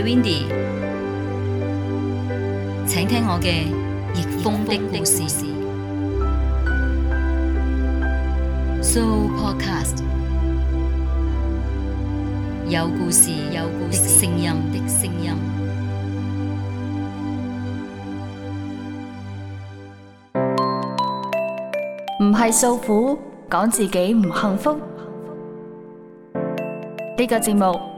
係 Windy，請聽我嘅逆風的故事。So Podcast 有故事，有故事，有聲音的聲音，唔係訴苦，講自己唔幸福。呢個節目。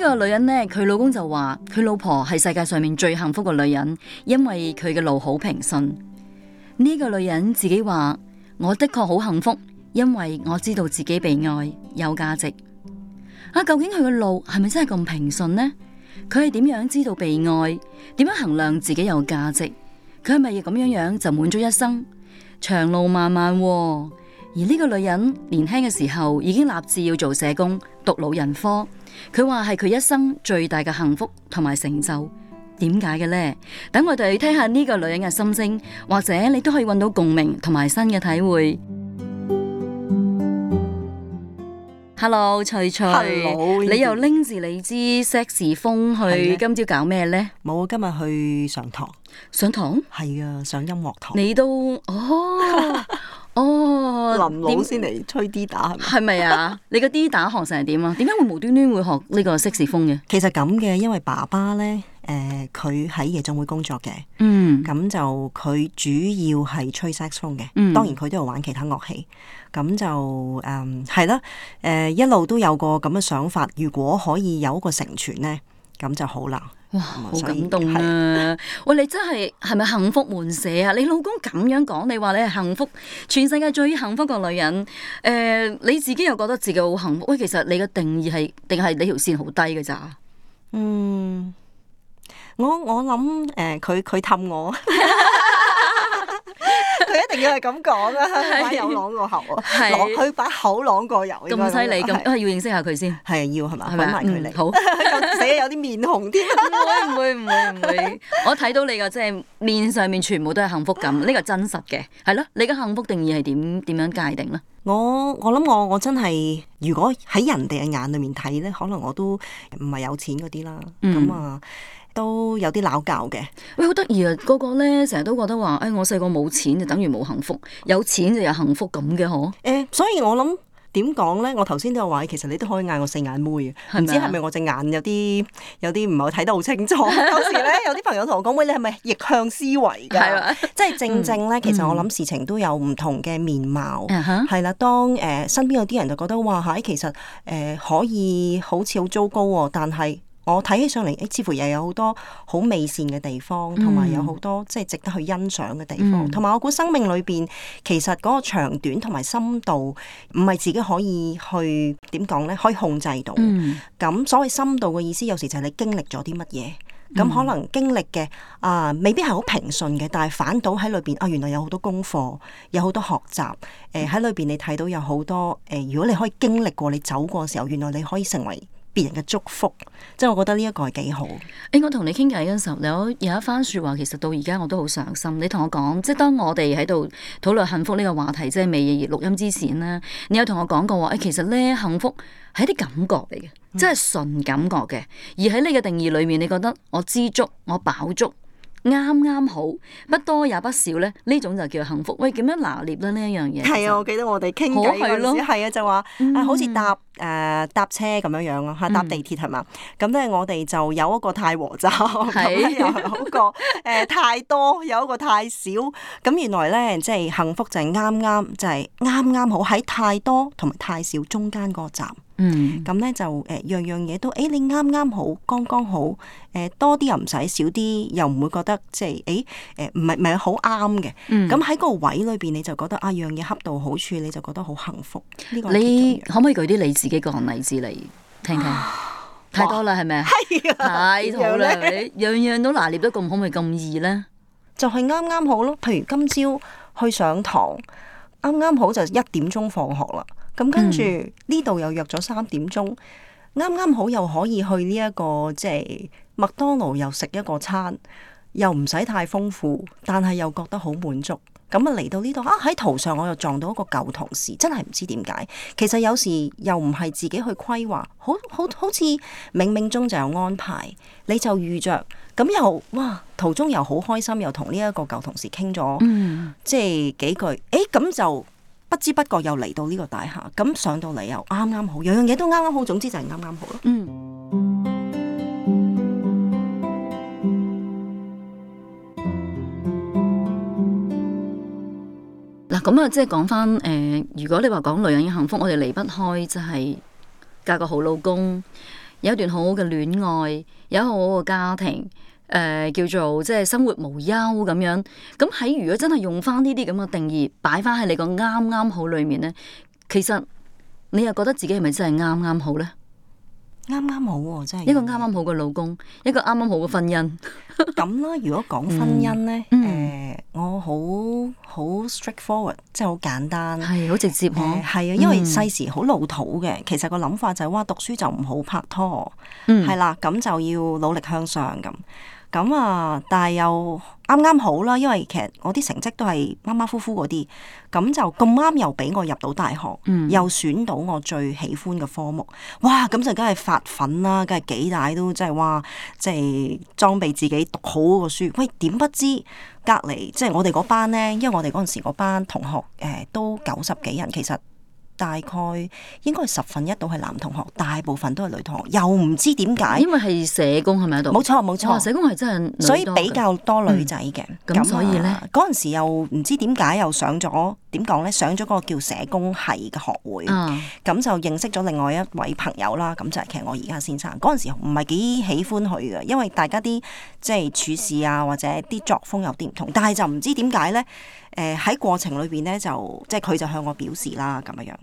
呢個女人呢，佢老公就話：佢老婆係世界上面最幸福嘅女人，因為佢嘅路好平順。呢個女人自己話：我的確好幸福，因為我知道自己被愛，有價值。啊，究竟佢嘅路係咪真係咁平順呢？佢係點樣知道被愛？點樣衡量自己有價值？佢係咪咁樣樣就滿足一生？長路漫漫哦，而呢個女人年輕嘅時候已經立志要做社工，讀老人科。佢話係佢一生最大嘅幸福同埋成就，點解嘅呢？等我哋聽下呢個女人嘅心聲，或者你都可以搵到共鳴同埋新嘅體會。Hello，翠翠，你又拎住你支 sexy 風去今朝搞咩呢？冇，今日去上堂。上堂？係啊，上音樂堂。你都哦。哦，oh, 林老先嚟吹，啲打係咪？係咪啊？ 你個啲打學成係點啊？點解會無端端會學呢個色士風嘅？其實咁嘅，因為爸爸咧，誒、呃，佢喺夜總會工作嘅，就嗯，咁就佢主要係吹色士風嘅，嗯，當然佢都有玩其他樂器，咁就誒，係、嗯、啦，誒、呃，一路都有個咁嘅想法，如果可以有一個成全咧。咁就好啦！哇，以好感動啊！是喂，你真係係咪幸福滿瀉啊？你老公咁樣講，你話你係幸福，全世界最幸福個女人。誒、呃，你自己又覺得自己好幸福？喂，其實你嘅定義係定係你條線好低㗎咋？嗯，我我諗誒，佢佢氹我。 一定要係咁講啊！擺油啷過喉啊，攞佢擺口啷過油。咁犀利咁，都係要認識下佢先。係啊，要係嘛？揾埋佢嚟。好，死啊！有啲面紅添，唔會唔會唔會唔會。我睇到你嘅即係面上面全部都係幸福感，呢個真實嘅係咯。你嘅幸福定義係點點樣界定咧？我我諗我我真係如果喺人哋嘅眼裏面睇咧，可能我都唔係有錢嗰啲啦咁啊。都有啲撚教嘅，喂，好得意啊！那個個咧成日都覺得話，誒、哎，我細個冇錢就等於冇幸福，有錢就有幸福咁嘅，嗬？誒，所以我諗點講咧？我頭先都有話，其實你都可以嗌我四眼妹啊，唔嗎知係咪我隻眼有啲有啲唔係睇得好清楚？有 時咧，有啲朋友同我講，喂，你係咪逆向思維㗎？係啊嗎，即係正正咧，嗯、其實我諗事情都有唔同嘅面貌，係啦、嗯嗯。當誒、呃、身邊有啲人就覺得，哇！嚇，其實誒、呃、可以好似好糟糕喎，但係。我睇起上嚟，誒，似乎又有好多好美善嘅地方，同埋有好多即係值得去欣賞嘅地方。同埋、嗯、我估生命裏邊其實嗰個長短同埋深度，唔係自己可以去點講咧，可以控制到。咁、嗯、所謂深度嘅意思，有時就係你經歷咗啲乜嘢。咁、嗯、可能經歷嘅啊，未必係好平順嘅，但係反倒喺裏邊啊，原來有好多功課，有好多學習誒喺裏邊你睇到有好多誒、呃、如果你可以經歷過你走過嘅時候，原來你可以成為。別人嘅祝福，即係我覺得呢一個係幾好。誒、欸，我同你傾偈嗰陣時候，有有一番說話，其實到而家我都好上心。你同我講，即係當我哋喺度討論幸福呢個話題，即係未錄音之前咧，你有同我講過話，誒、欸，其實咧幸福係一啲感覺嚟嘅，即係純感覺嘅。而喺你嘅定義裏面，你覺得我知足，我飽足，啱啱好，不多也不少咧，呢種就叫幸福。喂，點樣拿捏到呢一樣嘢？係啊，我記得我哋傾偈嗰陣係啊，就話啊，好似答。嗯誒、啊、搭車咁樣樣咯嚇搭地鐵係嘛？咁咧、嗯、我哋就有一個太和站，咁咧是又有一個 太多，有一個太少。咁原來咧即係幸福就係啱啱就係啱啱好喺太多同埋太少中間嗰個站。嗯。咁咧就誒樣樣嘢都誒、欸、你啱啱好，剛剛好誒、欸、多啲又唔使，少啲又唔會覺得即係誒誒唔係唔係好啱嘅。欸呃、嗯。咁喺個位裏邊你就覺得啊樣嘢恰到好處，你就覺得好幸福。呢、呢個你可唔可以舉啲例子？啊幾個例子嚟聽聽，哇太多啦，係咪？的太好啦，樣 樣都拿捏得咁好，咪咁易咧？就係啱啱好咯。譬如今朝去上堂，啱啱好就一點鐘放學啦。咁跟住呢度又約咗三點鐘，啱啱好又可以去呢、這、一個即係麥當勞，又食一個餐，又唔使太豐富，但係又覺得好滿足。咁啊，嚟到呢度啊，喺途上我又撞到一個舊同事，真係唔知點解。其實有時又唔係自己去規劃，好好好似冥冥中就有安排，你就預着咁又哇，途中又好開心，又同呢一個舊同事傾咗即係幾句。誒、欸、咁就不知不覺又嚟到呢個大廈，咁上到嚟又啱啱好，樣樣嘢都啱啱好，總之就係啱啱好咯。嗯。咁啊、嗯，即係講翻誒，如果你話講女人嘅幸福，我哋離不開就係、是、嫁個好老公，有一段好好嘅戀愛，有一個好好嘅家庭，誒、呃，叫做即係生活無憂咁樣。咁喺如果真係用翻呢啲咁嘅定義擺翻喺你個啱啱好裏面咧，其實你又覺得自己係咪真係啱啱好咧？啱啱好喎，真係一個啱啱好嘅老公，一個啱啱好嘅婚姻。咁 啦，如果講婚姻咧，誒、嗯呃，我好好 straightforward，即係好簡單，係好直接咯。係啊、呃，嗯、因為細時好老土嘅，其實個諗法就係、哇、話讀書就唔好拍拖，嗯，係啦，咁就要努力向上咁。咁啊！但係又啱啱好啦，因為其實我啲成績都係馬馬虎虎嗰啲，咁就咁啱又俾我入到大學，嗯、又選到我最喜歡嘅科目，哇！咁就梗係發奮啦，梗係幾大都即係哇，即係裝備自己讀好個書。喂，點不知隔籬即係我哋嗰班咧？因為我哋嗰陣時嗰班同學誒、呃、都九十幾人，其實。大概應該係十分一度係男同學，大部分都係女同學，又唔知點解，因為係社工係咪喺度？冇錯冇錯、哦，社工係真係，所以比較多女仔嘅。咁、嗯啊、所以咧，嗰陣時又唔知點解又上咗點講咧？上咗嗰個叫社工系嘅學會，咁、啊、就認識咗另外一位朋友啦。咁就係其實我而家先生嗰陣時唔係幾喜歡佢嘅，因為大家啲即係處事啊或者啲作風有啲唔同，但係就唔知點解咧。誒喺、呃、過程裏邊咧，就即係佢就向我表示啦咁樣樣，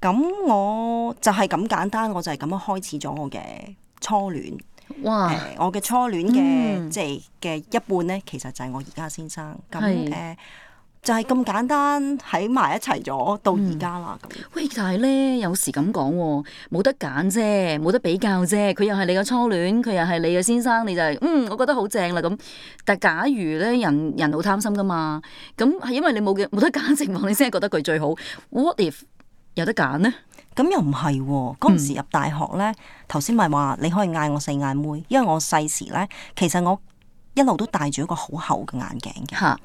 咁我就係咁簡單，我就係咁樣開始咗我嘅初戀。哇！呃、我嘅初戀嘅、嗯、即係嘅一半咧，其實就係我而家先生。咁誒。是呃就係咁簡單喺埋一齊咗，到而家啦咁。喂，但係咧，有時咁講喎，冇得揀啫，冇得比較啫。佢又係你嘅初戀，佢又係你嘅先生，你就係、是、嗯，我覺得好正啦咁。但係假如咧，人人好貪心噶嘛，咁係因為你冇冇得揀情況，你先係覺得佢最好。What if 有得揀呢？咁又唔係喎，嗰時入大學咧，頭先咪話你可以嗌我四眼妹，因為我細時咧，其實我。一路都戴住一個好厚嘅眼鏡嘅，咁哈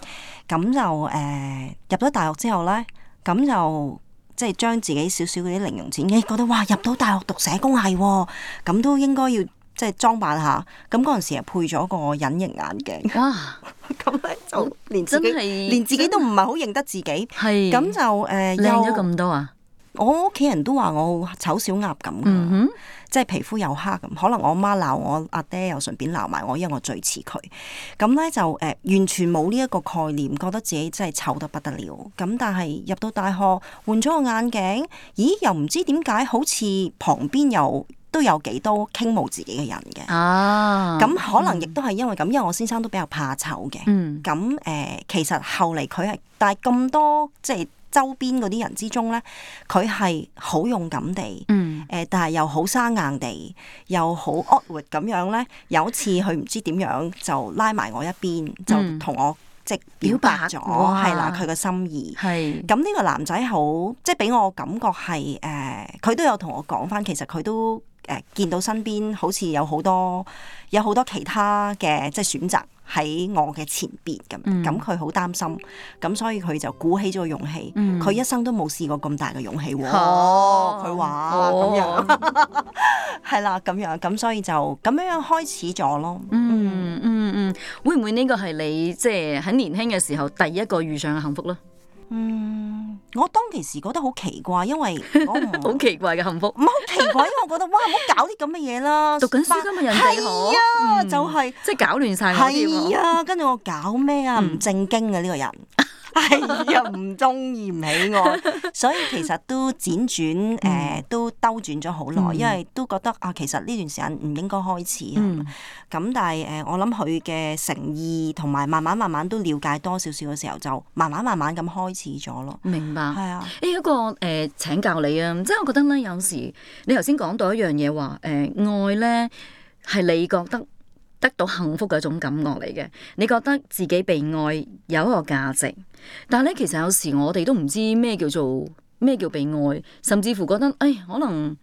就誒、呃、入咗大學之後咧，咁就即係將自己少少嗰啲零用錢，咦、哎、覺得哇入到大學讀社工系，咁都應該要即係裝扮下，咁嗰陣時係配咗個隱形眼鏡，咁咧、啊、 就連自己真是連自己都唔係好認得自己，咁是就誒靚咗咁多啊！我屋企人都話我醜小鴨咁。Mm hmm. 即係皮膚又黑咁，可能我媽鬧我阿爹，又順便鬧埋我，因為我最似佢。咁咧就誒、呃，完全冇呢一個概念，覺得自己真係醜得不得了。咁但係入到大學換咗個眼鏡，咦？又唔知點解好似旁邊又都有幾多傾慕自己嘅人嘅。啊！咁可能亦都係因為咁，因為我先生都比較怕醜嘅。嗯。咁誒、呃，其實後嚟佢係，但咁多即係。周邊嗰啲人之中咧，佢係好勇敢地，誒、嗯，但係又好生硬地，又好 awkward 咁樣咧。有一次佢唔知點樣就拉埋我一邊，就同我、嗯、即係表白咗，係哇啦，佢嘅心意。係咁呢個男仔好，即係俾我感覺係誒，佢、呃、都有同我講返，其實佢都誒、呃、見到身邊好似有好多有好多其他嘅即係選擇。喺我嘅前邊咁，咁佢好擔心，咁所以佢就鼓起咗勇氣，佢、嗯、一生都冇試過咁大嘅勇氣。哦，佢話咁樣，係啦，咁樣，咁所以就咁樣樣開始咗咯、嗯嗯嗯。嗯嗯嗯，會唔會呢個係你即係喺年輕嘅時候第一個遇上嘅幸福咧？嗯，我當其時覺得好奇怪，因為我好 奇怪嘅幸福，唔係好奇怪，因為我覺得哇，唔好搞啲咁嘅嘢啦，讀緊書咁嘅人，係但啊，嗯、就係、是、即係搞亂晒，係啊，跟住、啊、我搞咩啊，唔、嗯、正經嘅呢、這個人。係啊，唔中意唔喜愛。所以其實都輾轉，誒、呃、都兜轉咗好耐，嗯、因為都覺得啊，其實呢段時間唔應該開始啊。咁、嗯、但係誒、呃，我諗佢嘅誠意同埋慢慢慢慢都了解多少少嘅時候，就慢慢慢慢咁開始咗咯。明白，係、嗯、啊。誒、欸、一個誒、呃、請教你啊，即、就、係、是、我覺得咧，有時你頭先講到一樣嘢話，誒、呃、愛咧係你覺得。得到幸福嘅一種感覺嚟嘅，你覺得自己被愛有一個價值，但係咧，其實有時我哋都唔知咩叫做咩叫被愛，甚至乎覺得誒、哎，可能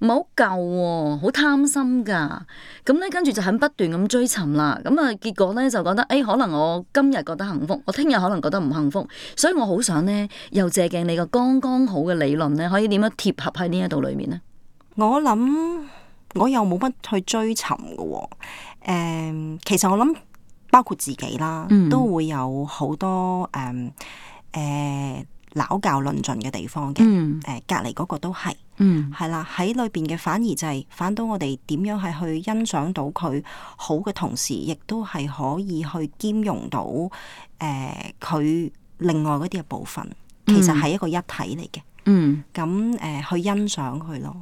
唔係好夠喎，好貪心噶，咁咧跟住就肯不斷咁追尋啦，咁啊結果咧就覺得誒、哎，可能我今日覺得幸福，我聽日可能覺得唔幸福，所以我好想咧，又借鏡你個剛剛好嘅理論咧，可以點樣貼合喺呢一度裏面呢？我諗。我又冇乜去追尋嘅、哦，誒、嗯，其實我諗包括自己啦，嗯、都會有好多誒誒，撈攪論盡嘅地方嘅，誒，隔離嗰個都係，嗯，係啦，喺裏邊嘅反而就係反倒我哋點樣係去欣賞到佢好嘅同時，亦都係可以去兼容到，誒、呃，佢另外嗰啲嘅部分，其實係一個一體嚟嘅，嗯，咁誒、嗯呃、去欣賞佢咯。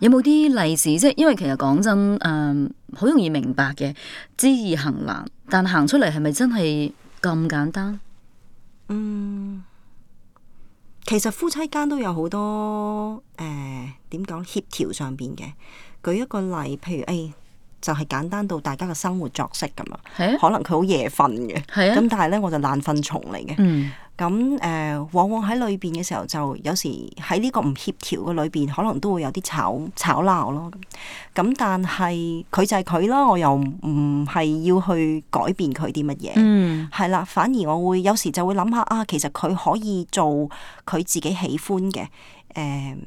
有冇啲例子？即係因為其實講真，誒、嗯，好容易明白嘅，知易行難，但行出嚟係咪真係咁簡單？嗯，其實夫妻間都有好多誒，點講協調上面嘅。舉一個例，譬如誒。哎就係簡單到大家嘅生活作息咁樣，啊、可能佢好夜瞓嘅，咁、啊、但係咧我就爛瞓蟲嚟嘅。咁誒、嗯嗯，往往喺裏邊嘅時候，就有時喺呢個唔協調嘅裏邊，可能都會有啲吵吵鬧咯。咁但係佢就係佢啦，我又唔係要去改變佢啲乜嘢。嗯，係啦，反而我會有時就會諗下啊，其實佢可以做佢自己喜歡嘅誒。嗯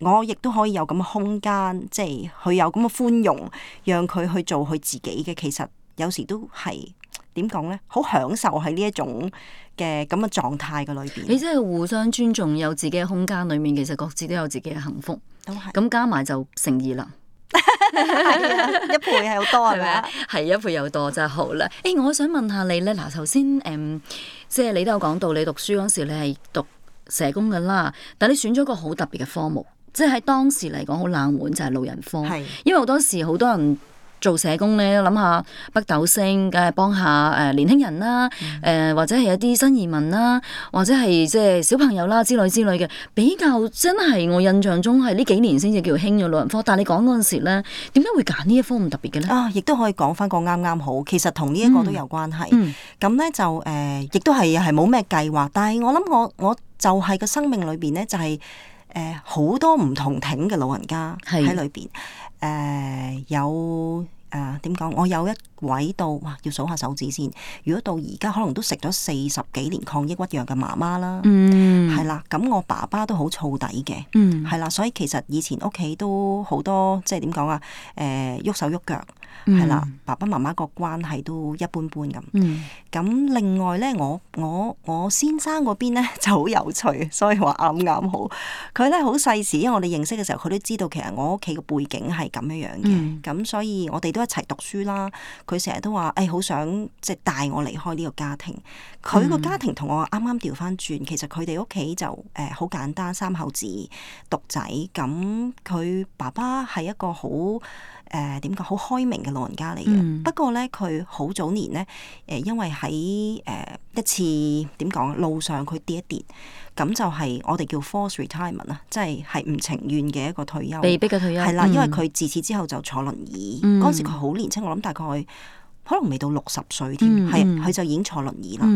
我亦都可以有咁嘅空間，即係佢有咁嘅寬容，讓佢去做佢自己嘅。其實有時都係點講咧？好享受喺呢一種嘅咁嘅狀態嘅裏邊。你真係互相尊重，有自己嘅空間裏面，其實各自都有自己嘅幸福。都咁是加埋就誠意啦，係 一倍好多係咪啊？係一倍又多真係好啦。誒、欸，我想問下你咧，嗱頭先誒，即、嗯、係、就是、你都有講到，你讀書嗰時你係讀社工噶啦，但你選咗個好特別嘅科目。即係喺當時嚟講好冷門，就係老人科，是因為好多時好多人做社工咧，諗下北斗星，梗係幫下誒年輕人啦，誒、嗯呃、或者係一啲新移民啦，或者係即係小朋友啦之類之類嘅，比較真係我印象中係呢幾年先至叫興咗老人科。但係你講嗰陣時咧，點解會揀呢一科咁特別嘅咧？啊，亦都可以講返個啱啱好，其實同呢一個都有關係。咁咧、嗯嗯、就誒，亦、呃、都係係冇咩計劃，但係我諗我我就係個生命裏邊咧，就係。誒，好多唔同挺嘅老人家喺裏邊。誒是、呃，有誒，點、呃、講？我有一位到，哇，要數下手指先。如果到而家，可能都食咗四十幾年抗抑鬱藥嘅媽媽啦。嗯，係啦。咁我爸爸都好燥底嘅。嗯，係啦。所以其實以前屋企都好多，即係點講啊？誒、呃，喐手喐腳。係啦、嗯，爸爸媽媽個關係都一般般咁。咁、嗯、另外咧，我我我先生嗰邊咧 就好有趣，所以話啱啱好。佢咧好細時，因為我哋認識嘅時候，佢都知道其實我屋企嘅背景係咁樣樣嘅。咁、嗯、所以我哋都一齊讀書啦。佢成日都話，誒、哎、好想即係帶我離開呢個家庭。佢個家庭同我啱啱調翻轉。嗯、其實佢哋屋企就誒好、呃、簡單，三口字獨仔。咁佢爸爸係一個好誒點講好開明嘅老人家嚟嘅，不過咧佢好早年咧，誒，因為喺誒一次點講，路上佢跌一跌，咁就係我哋叫 forced retirement 啊，即係係唔情願嘅一個退休，被迫嘅退休係啦，因為佢自此之後就坐輪椅，嗰、嗯、時佢好年輕，我諗大概可能未到六十歲添，係佢、嗯、就已經坐輪椅啦，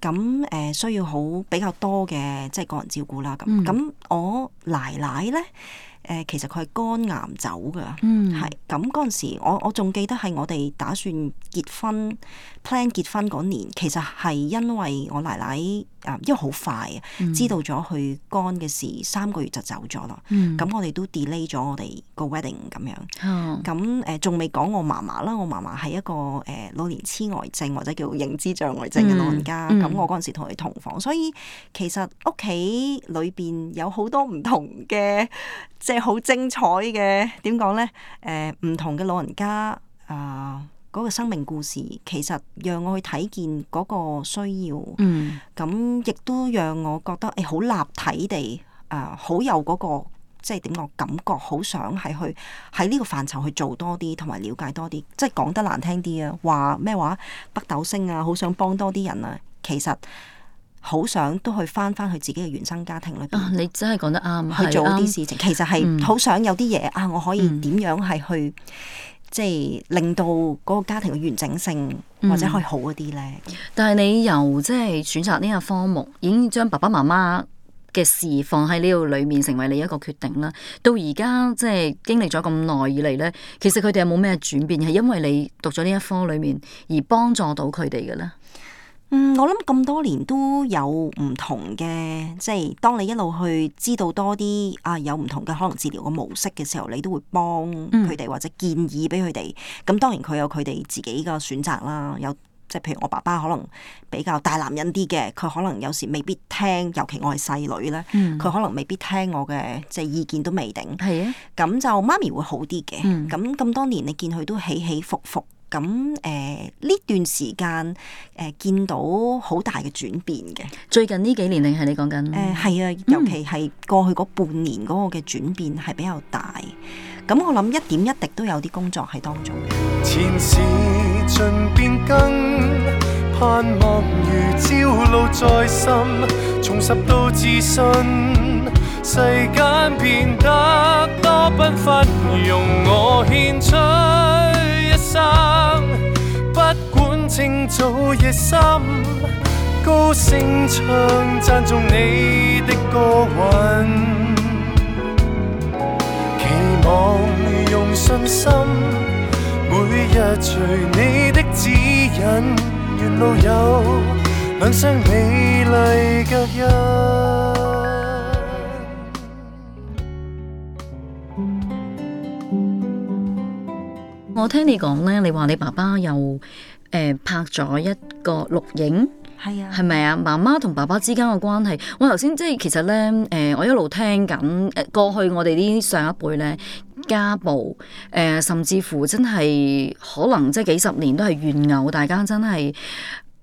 咁誒、嗯、需要好比較多嘅即係個人照顧啦，咁咁我奶奶咧。誒，其實佢係肝癌走㗎，係。咁嗰陣時我，我我仲記得係我哋打算結婚。plan 結婚嗰年，其實係因為我奶奶啊，因為好快啊，mm hmm. 知道咗佢肝嘅事，三個月就走咗咯。咁、mm hmm. 我哋都 delay 咗我哋個 wedding 咁樣。咁誒、mm，仲未講我嫲嫲啦。我嫲嫲係一個誒老年痴呆症或者叫認知障礙症嘅老人家。咁、mm hmm. 我嗰陣時同佢同房，所以其實屋企裏邊有好多唔同嘅，即係好精彩嘅。點講咧？誒、呃，唔同嘅老人家啊。呃嗰個生命故事，其實讓我去睇見嗰個需要，咁亦都讓我覺得誒好，欸，立體地誒好有嗰，嗰個即係點講感覺，好想係去喺呢個範疇去做多啲，同埋了解多啲。即係講得難聽啲啊，話咩話北斗星啊，好想幫多啲人啊。其實好想都去翻翻去自己嘅原生家庭裏邊，啊。你真係講得啱，去做啲事情，對其實係好想有啲嘢，嗯，啊，我可以點樣係去。嗯即係令到嗰個家庭嘅完整性或者可以好一啲咧，嗯。但係你由即係選擇呢個科目，已經將爸爸媽媽嘅事放喺呢度裏面，成為你一個決定啦。到而家即係經歷咗咁耐以嚟咧，其實佢哋有冇咩轉變？係因為你讀咗呢一科裏面而幫助到佢哋嘅咧？嗯，我諗咁多年都有唔同嘅，即係當你一路去知道多啲啊，有唔同嘅可能治療嘅模式嘅時候，你都會幫佢哋或者建議俾佢哋。咁當然佢有佢哋自己嘅選擇啦，有即係譬如我爸爸可能比較大男人啲嘅，佢可能有時未必聽，尤其我係細女咧，佢、嗯、可能未必聽我嘅即係意見都未定。係啊，咁就媽咪會好啲嘅。咁咁、嗯、多年你見佢都起起伏伏。咁，誒，呢段時間，誒，見到好大嘅轉變嘅，最近呢幾年定係你講緊？誒係啊，尤其係過去嗰半年嗰個嘅轉變係比較大。咁我諗一點一滴都有啲工作喺當中嘅。前事盡變更，盼望如朝露在心，重拾到自信，世間變得多繽紛，容我獻出一生。不管清早夜深，高聲唱讚頌你的歌韻，期望你用信心，每日隨你的指引，沿路有兩雙美麗腳印。我聽你講咧，你話你爸爸又誒、呃、拍咗一個錄影，係啊，係咪啊？媽媽同爸爸之間嘅關係，我頭先即係其實咧，誒、呃，我一路聽緊過去我哋啲上一輩咧家暴，誒、呃，甚至乎真係可能即係幾十年都係怨偶，大家真係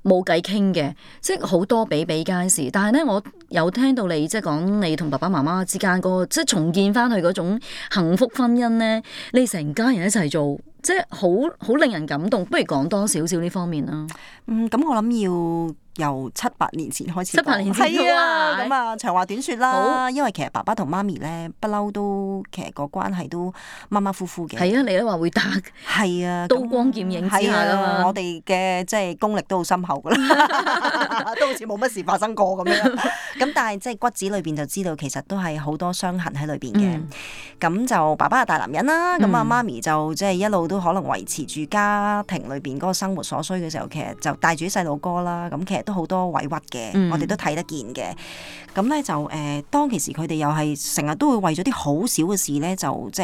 冇計傾嘅，即係好多比比皆是。但係咧，我有聽到你即係講你同爸爸媽媽之間個即係重建翻去嗰種幸福婚姻咧，你成家人一齊做。即係好好令人感動，不如講多少少呢方面啦。嗯，咁我諗要。由七八年前開始，七八年前咁啊，嗯、長話短説啦。好啊，因為其實爸爸同媽咪咧，不嬲都其實個關係都馬馬虎虎嘅。係啊，你都話會打係啊，刀光劍影之下啊嘛，我哋嘅即係功力都好深厚㗎啦， 都好似冇乜事發生過咁樣。咁 但係即係骨子裏邊就知道，其實都係好多傷痕喺裏邊嘅。咁、嗯、就爸爸係大男人啦，咁啊、嗯、媽咪就即係一路都可能維持住家庭裏邊嗰個生活所需嘅時候，其實就帶住啲細路哥啦。咁其實都好多委屈嘅，mm. 我哋都睇得見嘅。咁咧就誒，當其時佢哋又係成日都會為咗啲好少嘅事咧，就即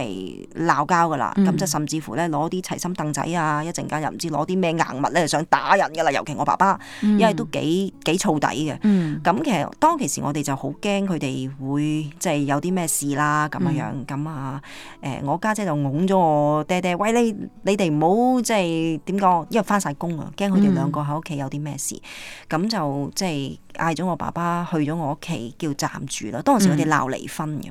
係鬧交噶啦。咁就、mm. 甚至乎咧，攞啲齊心凳仔啊，一陣間又唔知攞啲咩硬物咧，想打人噶啦。尤其我爸爸，因為都幾幾燥底嘅。咁、mm. 其實當其時我哋就好驚佢哋會即係有啲咩事啦，咁、mm. 樣樣咁啊。誒、嗯，我家姐,姐就㧬咗我爹爹，喂你你哋唔好即係點講？因為返晒工啊，驚佢哋兩個喺屋企有啲咩事。咁就即係嗌咗我爸爸去咗我屋企叫暫住啦。當時佢哋鬧離婚嘅。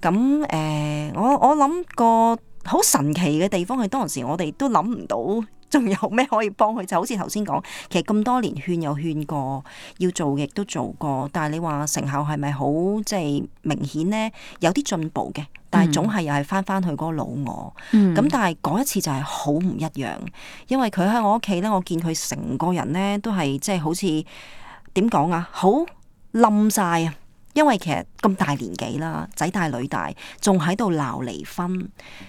咁誒、嗯呃，我我諗個好神奇嘅地方係當時我哋都諗唔到，仲有咩可以幫佢？就好似頭先講，其實咁多年勸又勸過，要做亦都做過，但係你話成效係咪好即係明顯咧？有啲進步嘅。但係總係又係翻翻去嗰個老我，咁、嗯、但係嗰一次就係好唔一樣，因為佢喺我屋企咧，我見佢成個人咧都係即係好似點講啊，好冧晒啊！因為其實咁大年紀啦，仔大女大，仲喺度鬧離婚，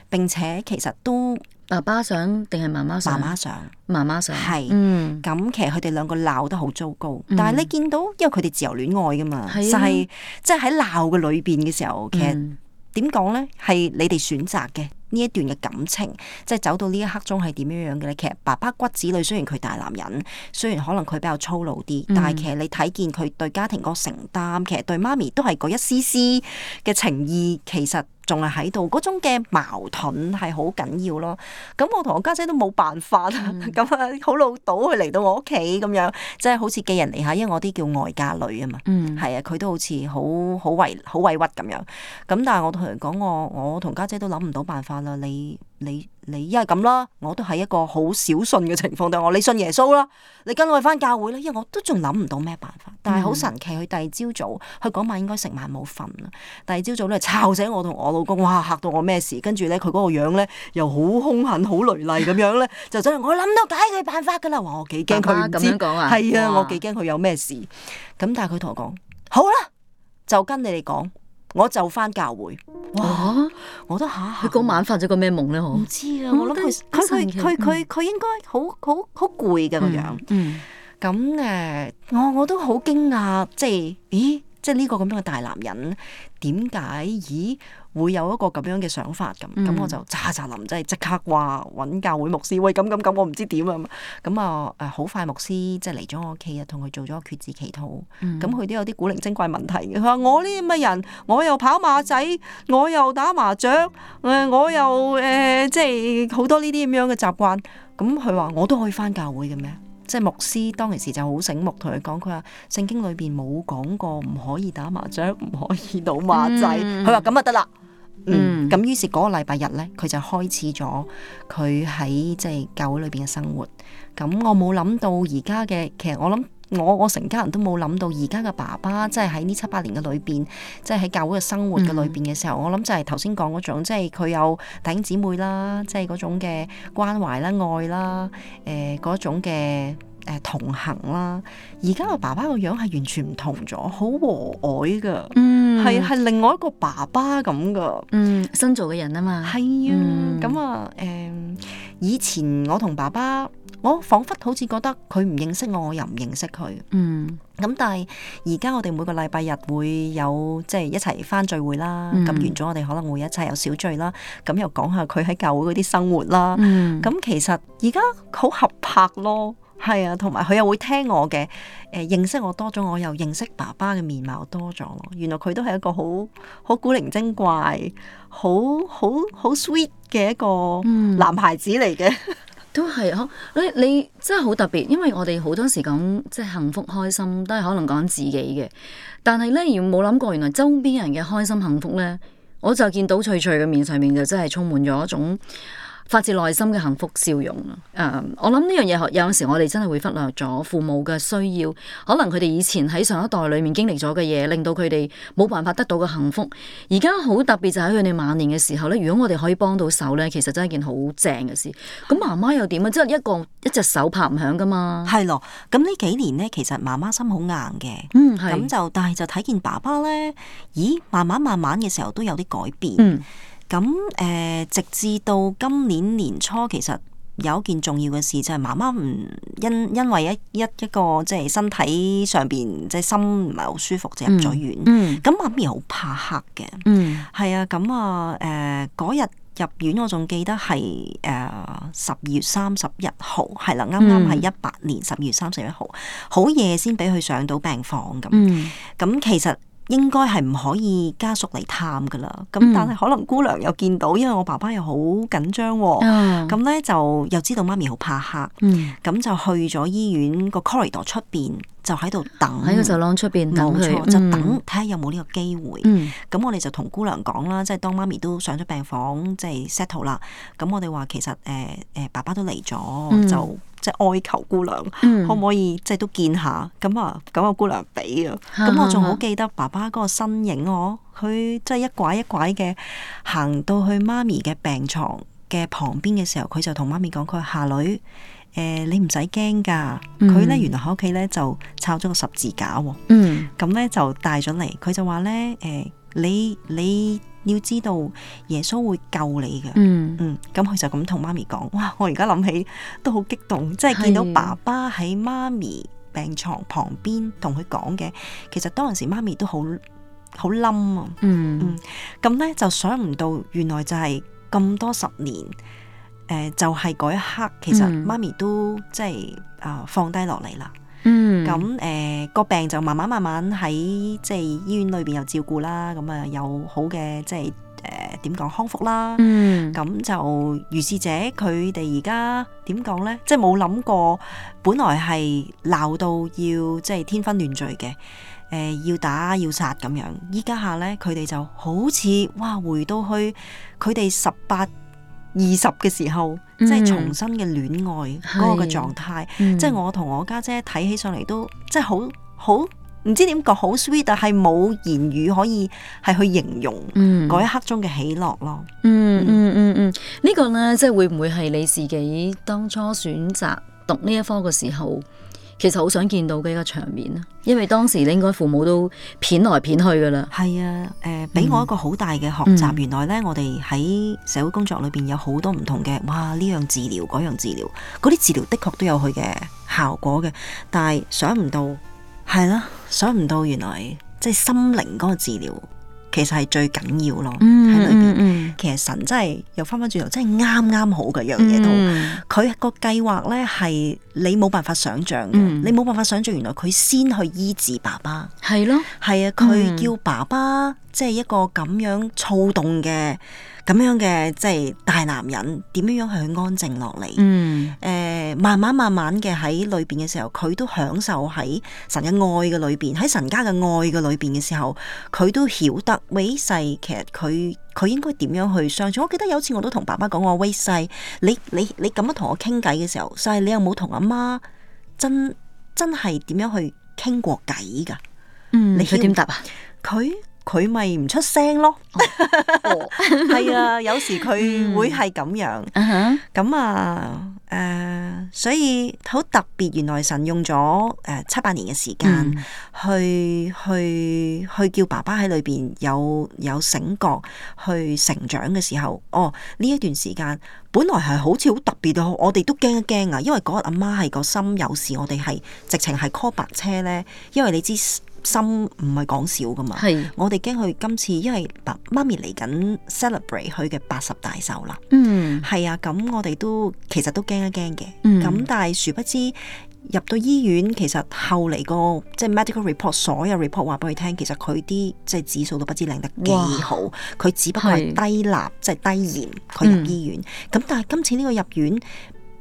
並且其實都爸爸想定係媽媽想？媽媽想，媽媽想，係是，嗯，咁其實佢哋兩個鬧得好糟糕，嗯、但係你見到因為佢哋自由戀愛噶嘛，啊、就係即係喺鬧嘅裏邊嘅時候，其實、嗯。點講咧，係你哋選擇嘅呢一段嘅感情，即係走到呢一刻中係點樣樣嘅咧？其實爸爸骨子裏，雖然佢大男人，雖然可能佢比較粗魯啲，嗯、但係其實你睇見佢對家庭嗰個承擔，其實對媽咪都係嗰一絲絲嘅情意，其實。仲係喺度，嗰種嘅矛盾係好緊要咯。咁我同我，、嗯、 我家姐都冇辦法啊，咁啊好老到佢嚟到我屋企咁樣，即係好似寄人籬下，因為我啲叫外嫁女啊嘛，係、嗯、啊，佢都好似好好委好委屈咁樣。咁但係我同佢講，我我同家姐，姐都諗唔到辦法啦，你。你你依家咁啦，我都係一個好少信嘅情況，但我你信耶穌啦，你跟我去翻教會啦，因為我都仲諗唔到咩辦法，但係好神奇，佢第二朝早，佢嗰晚應該成晚冇瞓啦，第二朝早咧吵醒我同我老公，哇，嚇到我，咩事？跟住咧佢嗰個樣咧又好凶狠、好雷厲咁樣咧， 就真係我諗到解佢辦法噶啦，我幾驚佢唔知，係啊，啊，我幾驚佢有咩事，咁哇但係佢同我講好啦，就跟你哋講。我就翻教會，哇！啊、我都嚇一嚇。佢嗰晚發咗個咩夢咧？我唔知啊！我諗佢佢佢佢佢佢應該好好好攰噶咁樣。嗯，咁誒、嗯，我我都好驚訝，即係，咦，即係呢個咁樣嘅大男人，點解，咦？會有一個咁樣嘅想法咁，咁、嗯、我就咋咋臨，即係即刻話揾教會牧師，喂，咁咁咁，我唔知點啊，咁啊，誒，好快牧師即係嚟咗我屋企啊，同佢做咗個決志祈禱。咁佢都有啲古靈精怪問題嘅。佢話我呢啲乜人，我又跑馬仔，我又打麻雀，誒我又誒、呃、即係好多呢啲咁樣嘅習慣。咁佢話我都可以翻教會嘅咩？即係牧師當其時就好醒目同佢講，佢話聖經裏邊冇講過唔可以打麻雀，唔可以賭馬仔。佢話咁就得啦。嗯，咁、mm. 於是嗰個禮拜日咧，佢就開始咗佢喺即係教會裏邊嘅生活。咁我冇諗到而家嘅，其實我諗我我成家人都冇諗到而家嘅爸爸，即係喺呢七八年嘅裏邊，即係喺教會嘅生活嘅裏邊嘅時候，mm. 我諗就係頭先講嗰種，即係佢有弟兄姊妹啦，即係嗰種嘅關懷啦、愛啦，誒、呃、嗰種嘅。誒，同行啦！而家我爸爸個樣係完全唔同咗，好和藹噶，係係、嗯、另外一個爸爸咁噶、嗯，新做嘅人啊嘛，係啊！咁、嗯、啊，誒、嗯，以前我同爸爸，我仿佛好似覺得佢唔認識我，我又唔認識佢。嗯，咁但係而家我哋每個禮拜日會有即係、就是、一齊返聚會啦，咁、嗯、完咗我哋可能會一齊有小聚啦，咁又講下佢喺教會嗰啲生活啦。嗯，咁其實而家好合拍咯，咯。係啊，同埋佢又會聽我嘅，誒、呃、認識我多咗，我又認識爸爸嘅面貌多咗咯。原來佢都係一個好好古靈精怪、好好好 sweet 嘅一個男孩子嚟嘅，嗯， 都係嗬。你你真係好特別，因為我哋好多時講即係幸福開心，都係可能講自己嘅，但係咧，如果冇諗過原來周邊人嘅開心幸福呢，我就見到翠翠嘅面上面就真係充滿咗一種。發自內心嘅幸福笑容咯，誒，um，我諗呢樣嘢有陣時我哋真係會忽略咗父母嘅需要，可能佢哋以前喺上一代裡面經歷咗嘅嘢，令到佢哋冇辦法得到嘅幸福。而家好特別就喺佢哋晚年嘅時候咧，如果我哋可以幫到手咧，其實真係件好正嘅事。咁媽媽又點啊？即係一個一隻手拍唔響噶嘛，係咯。咁呢幾年咧，其實媽媽心好硬嘅，嗯，咁就但係就睇見爸爸咧，咦，慢慢慢慢嘅時候都有啲改變。嗯咁誒、呃，直至到今年年初，其實有一件重要嘅事，就係媽媽唔因因為一一一個即係身體上邊，即係心唔係好舒服，就入咗院。咁媽咪又好怕黑嘅，係、嗯、啊，咁啊誒，嗰、呃、日入院，我仲記得係誒十二月三十一號，係啦、啊，啱啱係一八年十二月三十一號，好夜先俾佢上到病房咁。咁、嗯、其實。應該係唔可以家屬嚟探噶啦，咁但係可能姑娘又見到，因為我爸爸又好緊張，咁咧、啊、就又知道媽咪好怕黑，咁、嗯、就去咗醫院個 corridor 出邊。就喺度等喺個走廊出邊等冇錯，就等睇下有冇呢個機會。咁、嗯、我哋就同姑娘講啦，即係當媽咪都上咗病房，即係 settle 啦。咁我哋話其實誒誒、呃呃，爸爸都嚟咗，嗯、就即係哀求姑娘可唔、嗯、可以即係都見下。咁啊，咁個、啊、姑娘俾啊。咁我仲好記得爸爸嗰個身影，我、哦、佢即係一拐一拐嘅行到去媽咪嘅病床嘅旁邊嘅時候，佢就同媽咪講佢下女。誒、呃，你唔使驚噶，佢咧、嗯、原來喺屋企咧就抄咗個十字架，咁咧、嗯、就帶咗嚟。佢就話咧，誒、呃，你你要知道耶穌會救你嘅，嗯，咁佢、嗯、就咁同媽咪講。哇，我而家諗起都好激動，即係見到爸爸喺媽咪病床旁邊同佢講嘅。其實當陣時媽咪都好好冧啊嗯嗯，嗯，咁咧就想唔到，原來就係咁多十年。誒、呃，就係、是、嗰一刻，其實媽咪都即係啊、呃、放低落嚟啦。嗯，咁誒、呃、個病就慢慢慢慢喺即係醫院裏邊又照顧啦，咁啊有好嘅即係誒點講康復啦。嗯，咁就如是者，佢哋而家點講咧？即係冇諗過，本來係鬧到要即係天昏亂墜嘅，誒、呃、要打要殺咁樣。依家下咧，佢哋就好似哇回到去佢哋十八。二十嘅時候，即係重新嘅戀愛嗰、嗯、個嘅狀態，即係我同我家姐睇起上嚟都即係好好，唔知點講好 sweet，但係冇言語可以係去形容嗰一刻中嘅喜樂咯。嗯嗯嗯嗯，嗯這個、呢個咧即係會唔會係你自己當初選擇讀呢一科嘅時候？其實好想見到嘅一個場面啦，因為當時你應該父母都片來片去噶啦。係啊，誒、呃，俾我一個好大嘅學習，嗯、原來咧我哋喺社會工作裏邊有好多唔同嘅，哇呢樣治療，嗰樣治療，嗰啲治療的確都有佢嘅效果嘅，但係想唔到，係啦、啊，想唔到原來即係心靈嗰個治療。其實係最緊要咯，喺、嗯、裏邊，嗯、其實神真係又翻翻轉頭，真係啱啱好嘅樣嘢。都佢、嗯、個計劃咧，係你冇辦法想象嘅，嗯、你冇辦法想象原來佢先去醫治爸爸，係咯，係啊，佢叫爸爸，嗯、即係一個咁樣躁動嘅。咁樣嘅即係大男人，點樣樣去安靜落嚟？嗯，誒、呃，慢慢慢慢嘅喺裏邊嘅時候，佢都享受喺神嘅愛嘅裏邊，喺神家嘅愛嘅裏邊嘅時候，佢都曉得，威世其實佢佢應該點樣去相處？我記得有次我都同爸爸講，我話威世，你你你咁樣同我傾偈嘅時候，世你有冇同阿媽真真係點樣去傾過偈噶？嗯、你曉，佢點答啊？佢。佢咪唔出聲咯、哦、係、哦、 啊，有時佢會係咁樣，咁、嗯、啊，誒、呃，所以好特別。原來神用咗誒七八年嘅時間去、嗯、去去，去叫爸爸喺裏邊有有醒覺，去成長嘅時候，哦，呢一段時間本來係好似好特別嘅，我哋都驚一驚啊，因為嗰日阿媽係個心有事，我哋係直情係 call 白車咧，因為你知。心唔係講笑噶嘛，是我哋驚佢今次，因為媽咪嚟緊 celebrate 佢嘅八十大壽啦，係、嗯、啊，咁我哋都其實都驚一驚嘅，咁、嗯、但係殊不知入到醫院，其實後嚟個即係、就是、medical report，所有 report 話俾佢聽，其實佢啲即係指數都不知靚得幾好，佢哇只不過係低鈉即係低鹽，佢入醫院，咁、嗯、但係今次呢個入院。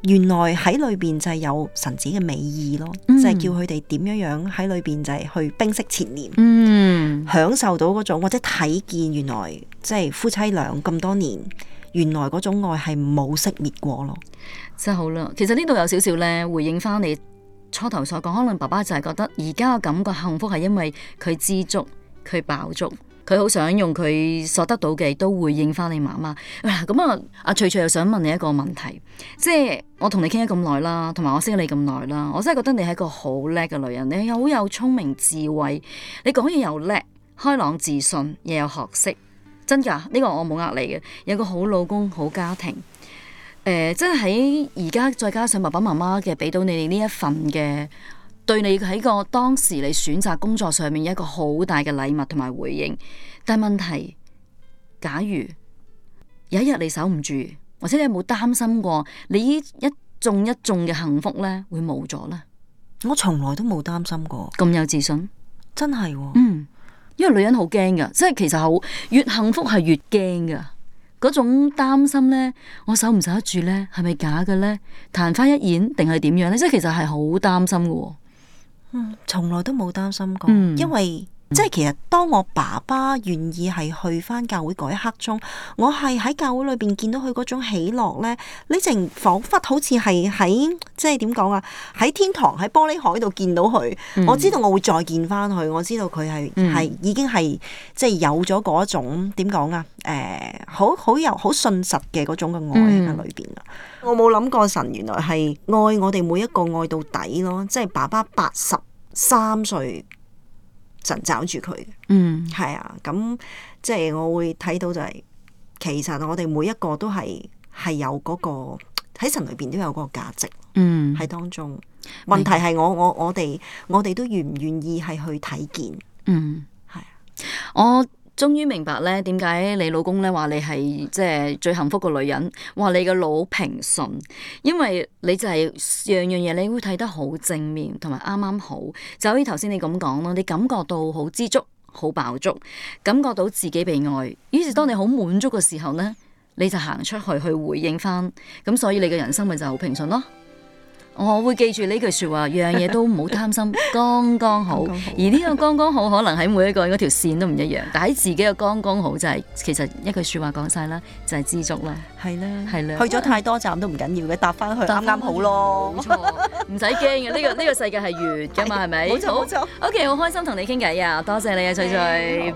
原來喺裏邊就係有神子嘅美意咯，即係、嗯、叫佢哋點樣樣喺裏邊就係去冰釋前嫌，嗯、享受到嗰種或者睇見原來即係、就是、夫妻兩咁多年，原來嗰種愛係冇熄滅過咯，真係好啦。其實呢度有少少咧回應翻你初頭所講，可能爸爸就係覺得而家嘅感覺幸福係因為佢知足，佢飽足。佢好想用佢所得到嘅，都回應翻你媽媽。嗱，咁啊，阿翠翠又想問你一個問題，即係我同你傾咗咁耐啦，同埋我識咗你咁耐啦，我真係覺得你係一個好叻嘅女人，你又好有聰明智慧，你講嘢又叻，開朗自信，又有學識，真㗎？呢、這個我冇呃你嘅，有個好老公，好家庭。呃、即係喺而家，再加上爸爸媽媽嘅俾到你哋呢一份嘅。對你喺個當時你選擇工作上面一個好大嘅禮物同埋回應，但係問題，假如有一日你守唔住，或者你有冇擔心過你一眾一眾嘅幸福咧，會冇咗呢？呢，我從來都冇擔心過。咁有自信，真係？哦，嗯，因為女人好驚噶即係其實好越幸福係越驚噶嗰種擔心呢，我守唔守得住呢？係咪假嘅呢？曇花一現定係點樣呢？即係其實係好擔心噶嗯，從來都冇擔心過，嗯、因為。即係其實當我爸爸願意係去翻教會嗰一刻中，我係喺教會裏邊見到佢嗰種喜樂咧，呢陣仿佛好似係喺即係點講啊？喺天堂喺玻璃海度見到佢，我知道我會再見翻佢，我知道佢係係已經係即係有咗嗰種點講啊？誒，好好又好信實嘅嗰種嘅愛喺裏邊啊！嗯、我冇諗過神原來係愛我哋每一個愛到底咯，即係爸爸八十三歲。神找住佢，嗯，係啊，咁即係我會睇到就係，其實我哋每一個都係係有嗰個喺神裏邊都有個價值，嗯，喺當中，問題係我我我哋我哋都願唔願意係去睇見，嗯，係啊，我。我終於明白咧，點解你老公咧話你係即係最幸福嘅女人，話你個腦平順，因為你就係樣樣嘢你會睇得好正面，同埋啱啱好，就好似頭先你咁講咯，你感覺到好知足，好飽足，感覺到自己被愛，於是當你好滿足嘅時候咧，你就行出去去回應翻，咁所以你嘅人生咪就好平順咯。我會記住呢句說話，樣嘢都唔好貪心，剛剛好。剛剛好，而呢個剛剛好，可能喺每一個嗰條線都唔一樣。但喺自己嘅剛剛好、就是，就係其實一句話說話講晒啦，就係、是、知足啦。係啦了，係啦。去咗太多站都唔緊要嘅，搭翻去啱啱好咯。唔使驚嘅，呢、這個呢、這個世界係圓噶嘛，係咪 是？冇錯冇錯。O K，好 okay, 錯開心同你傾偈啊！多謝，謝你啊，翠翠。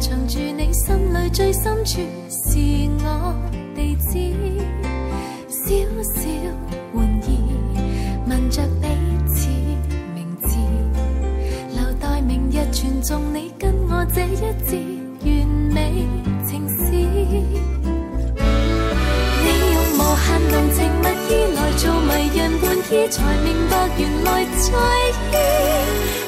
藏住你心裏最深處是我地址，小小玩意聞着彼此名字，留待明日傳頌你跟我這一節完美情史。你用無限濃情蜜意來做迷人玩意，才明白原來在意。